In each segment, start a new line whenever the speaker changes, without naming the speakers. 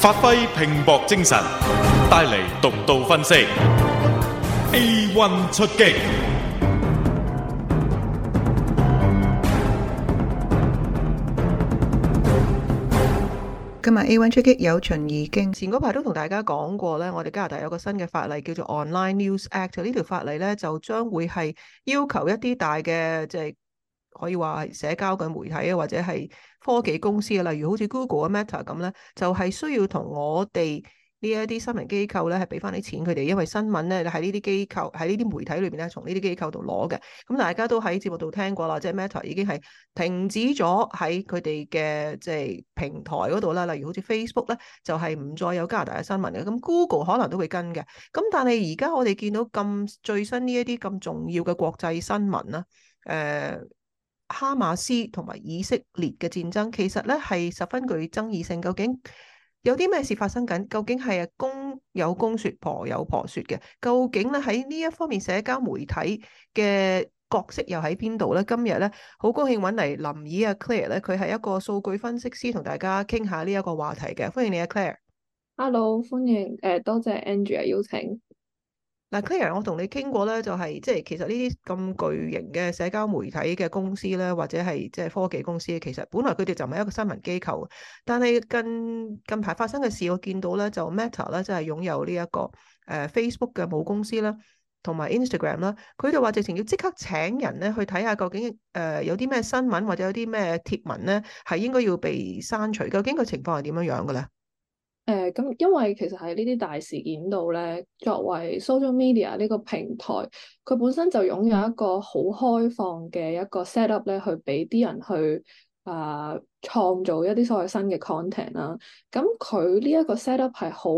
發揮拼搏精神，帶嚟獨到分析。A1 出擊，今日 A1 出擊有巡而經。前嗰排都同大家講過咧，我哋加拿大有個新嘅法例叫做 Online News Act，就呢條法例咧就將會係要求一啲大嘅即係。可以話係社交嘅媒體啊，或者係科技公司啊，例如好似 Google 嘅 Meta 咁咧，就係需要同我哋呢一啲新聞機構咧，係俾翻啲錢佢哋，因為新聞咧喺呢啲機構喺呢啲媒體裏邊咧，從呢啲機構度攞嘅。咁大家都喺節目度聽過啦，即係 Meta 已經係停止咗喺佢哋嘅即係平台嗰度啦。例如好似 Facebook 咧，就係唔再有加拿大嘅新聞嘅。咁 Google 可能都會跟嘅。咁但係而家我哋見到咁最新呢一啲咁重要嘅國際新聞啦，誒、呃。哈馬斯同埋以色列嘅戰爭其實咧係十分具爭議性，究竟有啲咩事發生緊？究竟係啊公有公説，婆有婆説嘅？究竟咧喺呢一方面，社交媒體嘅角色又喺邊度咧？今日咧好高興揾嚟林姨啊，Claire 咧，佢係一個數據分析師，同大家傾下呢一個話題嘅。歡迎你啊，Claire。
Hello，歡迎誒、呃，
多謝 Andrea 邀請。嗱，Clare，我同你傾過咧，就係即係其實呢啲咁巨型嘅社交媒體嘅公司咧，或者係即係科技公司，其實本來佢哋就唔係一個新聞機構。但係近近排發生嘅事，我見到咧，就 Meta 咧，即係擁有呢一個誒 Facebook 嘅母公司啦，同埋 Instagram 啦，佢哋話直情要即刻請人咧去睇下究竟誒、呃、有啲咩新聞或者有啲咩貼文咧係應該要被刪除，究竟個情況係點樣樣嘅咧？
誒咁，因為其實喺呢啲大事件度咧，作為 social media 呢個平台，佢本身就擁有一個好開放嘅一個 set up 咧，去俾啲人去啊創造一啲所謂新嘅 content 啦。咁佢呢一個 set up 係好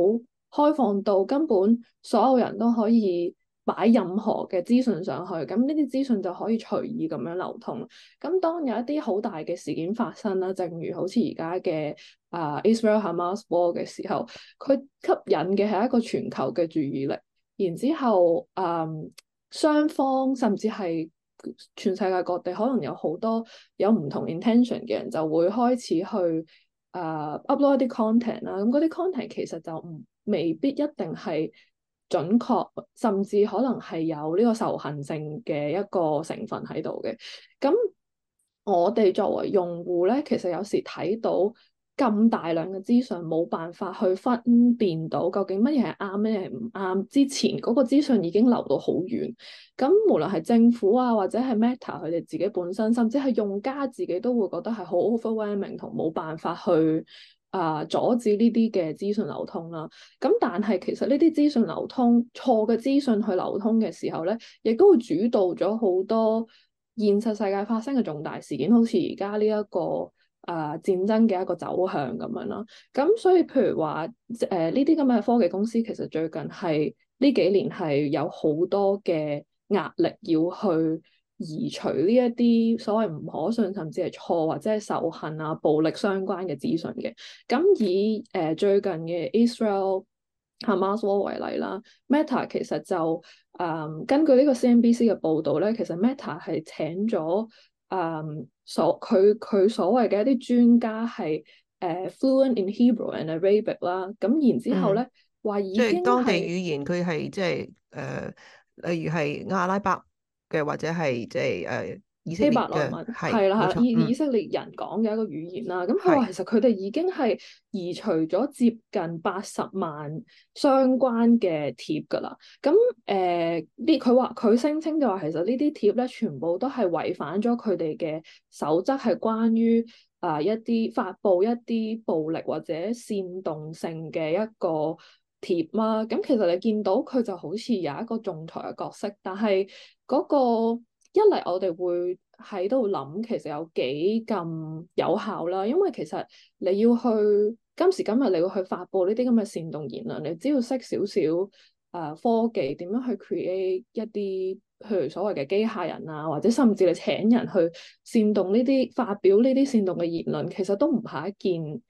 開放到，根本所有人都可以，擺任何嘅資訊上去，咁呢啲資訊就可以隨意咁樣流通。咁當有一啲好大嘅事件發生啦，正如好似而家嘅啊、呃、Israel-Hamas war 嘅時候，佢吸引嘅係一個全球嘅注意力。然之後，嗯、呃，雙方甚至係全世界各地可能有好多有唔同 intention 嘅人就會開始去啊、呃、upload 啲 content 啦。咁嗰啲 content 其實就唔未必一定係。準確，甚至可能係有呢個仇恨性嘅一個成分喺度嘅。咁我哋作為用戶咧，其實有時睇到咁大量嘅資訊，冇辦法去分辨到究竟乜嘢係啱，乜嘢係唔啱。之前嗰個資訊已經流到好遠，咁無論係政府啊，或者係 Meta 佢哋自己本身，甚至係用家自己都會覺得係好 overwhelming 同冇辦法去。啊！阻止呢啲嘅資訊流通啦，咁但係其實呢啲資訊流通，錯嘅資訊去流通嘅時候咧，亦都會主導咗好多現實世界發生嘅重大事件，好似而家呢一個啊戰爭嘅一個走向咁樣咯。咁所以譬如話，即誒呢啲咁嘅科技公司其實最近係呢幾年係有好多嘅壓力要去。移除呢一啲所謂唔可信甚至係錯或者係仇恨啊、暴力相關嘅資訊嘅。咁以誒、呃、最近嘅 Israel Hamas War 為例啦，嗯，Meta 其實就誒、呃、根據呢個 CNBC 嘅報導咧，其實 Meta 係請咗誒、呃、所佢佢所謂嘅一啲專家係誒、呃、fluent in Hebrew and Arabic 啦。咁然之後咧話，已經、嗯、當地語
言佢係即係誒例如係阿拉伯。嘅或者係即係誒以色列嘅啦，以
以色列人講嘅一個語言啦，咁佢話其實佢哋已經係移除咗接近八十萬相關嘅貼噶啦。咁誒啲佢話佢聲稱嘅話，其實呢啲貼咧全部都係違反咗佢哋嘅守則，係關於啊、呃、一啲發布一啲暴力或者煽動性嘅一個。貼嘛，咁其實你見到佢就好似有一個仲裁嘅角色，但係嗰個一嚟我哋會喺度諗，其實有幾咁有效啦。因為其實你要去今時今日，你要去發布呢啲咁嘅煽動言論，你只要識少少誒科技點樣去 create 一啲譬如所謂嘅機械人啊，或者甚至你請人去煽動呢啲發表呢啲煽動嘅言論，其實都唔係一件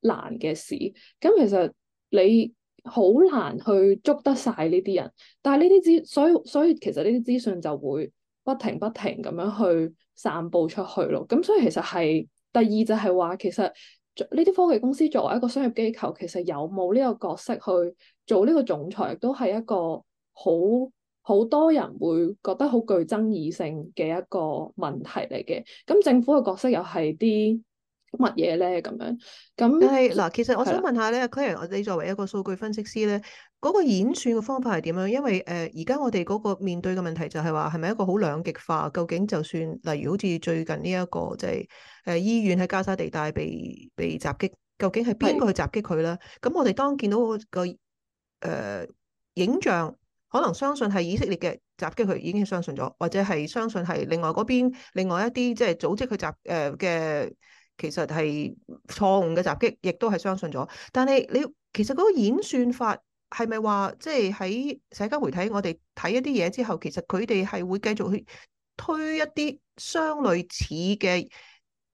難嘅事。咁其實你。好難去捉得晒呢啲人，但係呢啲資，所以所以其實呢啲資訊就會不停不停咁樣去散佈出去咯。咁所以其實係第二就係話，其實呢啲科技公司作為一個商業機構，其實有冇呢個角色去做呢個總裁，都係一個好好多人會覺得好具爭議性嘅一個問題嚟嘅。咁政府嘅角色又係啲乜嘢咧？咁樣咁，但係嗱，其實我想問
下咧，Clare，你作為一個數據分析師咧，嗰個演算嘅方法係點樣？因為誒，而家我哋嗰個面對嘅問題就係話，係咪一個好兩極化？究竟就算例如好似最近呢一個即係誒醫院喺加沙地帶被被襲擊，究竟係邊個去襲擊佢咧？咁我哋當見到個誒影像，可能相信係以色列嘅襲擊佢，已經相信咗，或者係相信係另外嗰邊另外一啲即係組織佢襲誒嘅。呃呃其實係錯誤嘅襲擊，亦都係相信咗。但係你其實嗰個演算法係咪話，即係喺社交媒體，我哋睇一啲嘢之後，其實佢哋係會繼續去推一啲相類似嘅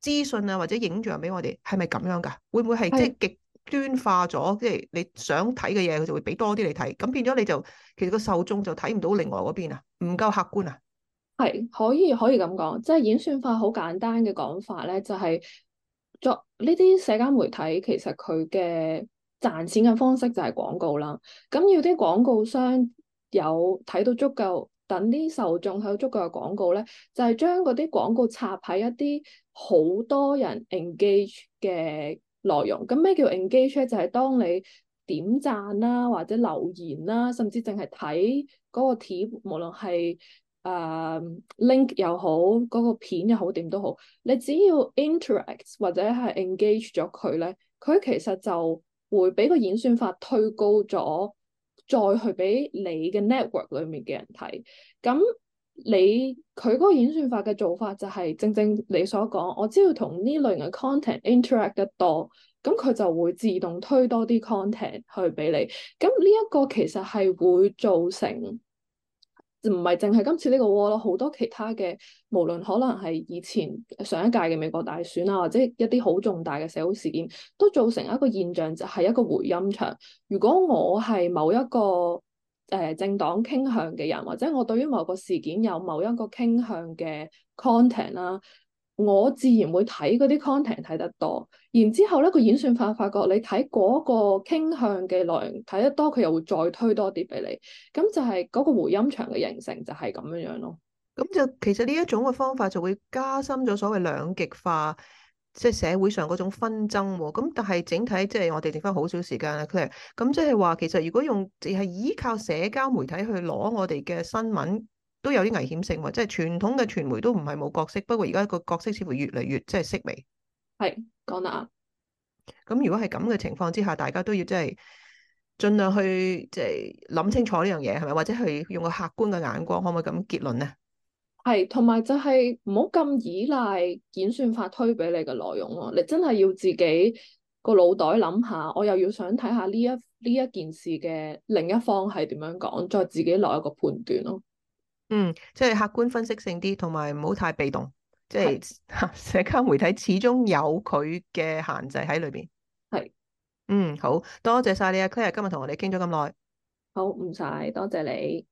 資訊啊，或者影像俾我哋，係咪咁樣噶？會唔會係即係極端化咗？是即係你想睇嘅嘢，佢就會俾多啲你睇。咁變咗你就其實個受眾就睇唔到另外嗰邊啊，唔夠客觀啊？
係可以可以咁講，即係演算法好簡單嘅講法咧，就係、係。作呢啲社交媒體，其實佢嘅賺錢嘅方式就係廣告啦。咁要啲廣告商有睇到足夠，等啲受眾睇到足夠嘅廣告咧，就係、是、將嗰啲廣告插喺一啲好多人 engage 嘅內容。咁咩叫 engage 呢？就係、是、當你點讚啦、啊，或者留言啦、啊，甚至淨係睇嗰個帖，無論係。誒、uh, link 又好，嗰、那個片又好，點都好，你只要 interact 或者係 engage 咗佢咧，佢其實就會俾個演算法推高咗，再去俾你嘅 network 裡面嘅人睇。咁你佢嗰個演算法嘅做法就係、是、正正你所講，我只要同呢類嘅 content interact 得多，咁佢就會自動推多啲 content 去俾你。咁呢一個其實係會造成。唔係淨係今次呢個鑊咯，好多其他嘅，無論可能係以前上一屆嘅美國大選啊，或者一啲好重大嘅社會事件，都造成一個現象，就係、是、一個回音牆。如果我係某一個誒、呃、政黨傾向嘅人，或者我對於某個事件有某一個傾向嘅 content 啦。我自然會睇嗰啲 content 睇得多，然之後咧個演算法發覺你睇嗰個傾向嘅內容睇得多，佢又會再推多啲俾你。咁就係嗰個回音牆嘅形成就，就係咁樣樣咯。
咁就其實呢一種嘅方法就會加深咗所謂兩極化，即係社會上嗰種紛爭喎。咁但係整體即係我哋剩翻好少時間啦。咁即係話其實如果用係依靠社交媒體去攞我哋嘅新聞。都有啲危險性喎、啊，即係傳統嘅傳媒都唔係冇角色，不過而家個角色似乎越嚟越即係式微。係講得啱，咁如果係咁嘅情況之下，大家都要即係盡量去即係諗清楚呢樣嘢係咪，或者係用個客觀嘅眼光，可唔可以咁結論咧？
係，同埋就係唔好咁依賴演算法推俾你嘅內容咯、啊，你真係要自己個腦袋諗下，我又要想睇下呢一呢一件事嘅另一方係點樣講，再自己落一個判斷咯、啊。
嗯，即係客觀分析性啲，同埋唔好太被動。即係社交媒體始終有佢嘅限制喺裏邊。係是。嗯，好多謝晒你啊，Claire，今日同我哋傾咗咁耐。好，唔使，多謝你。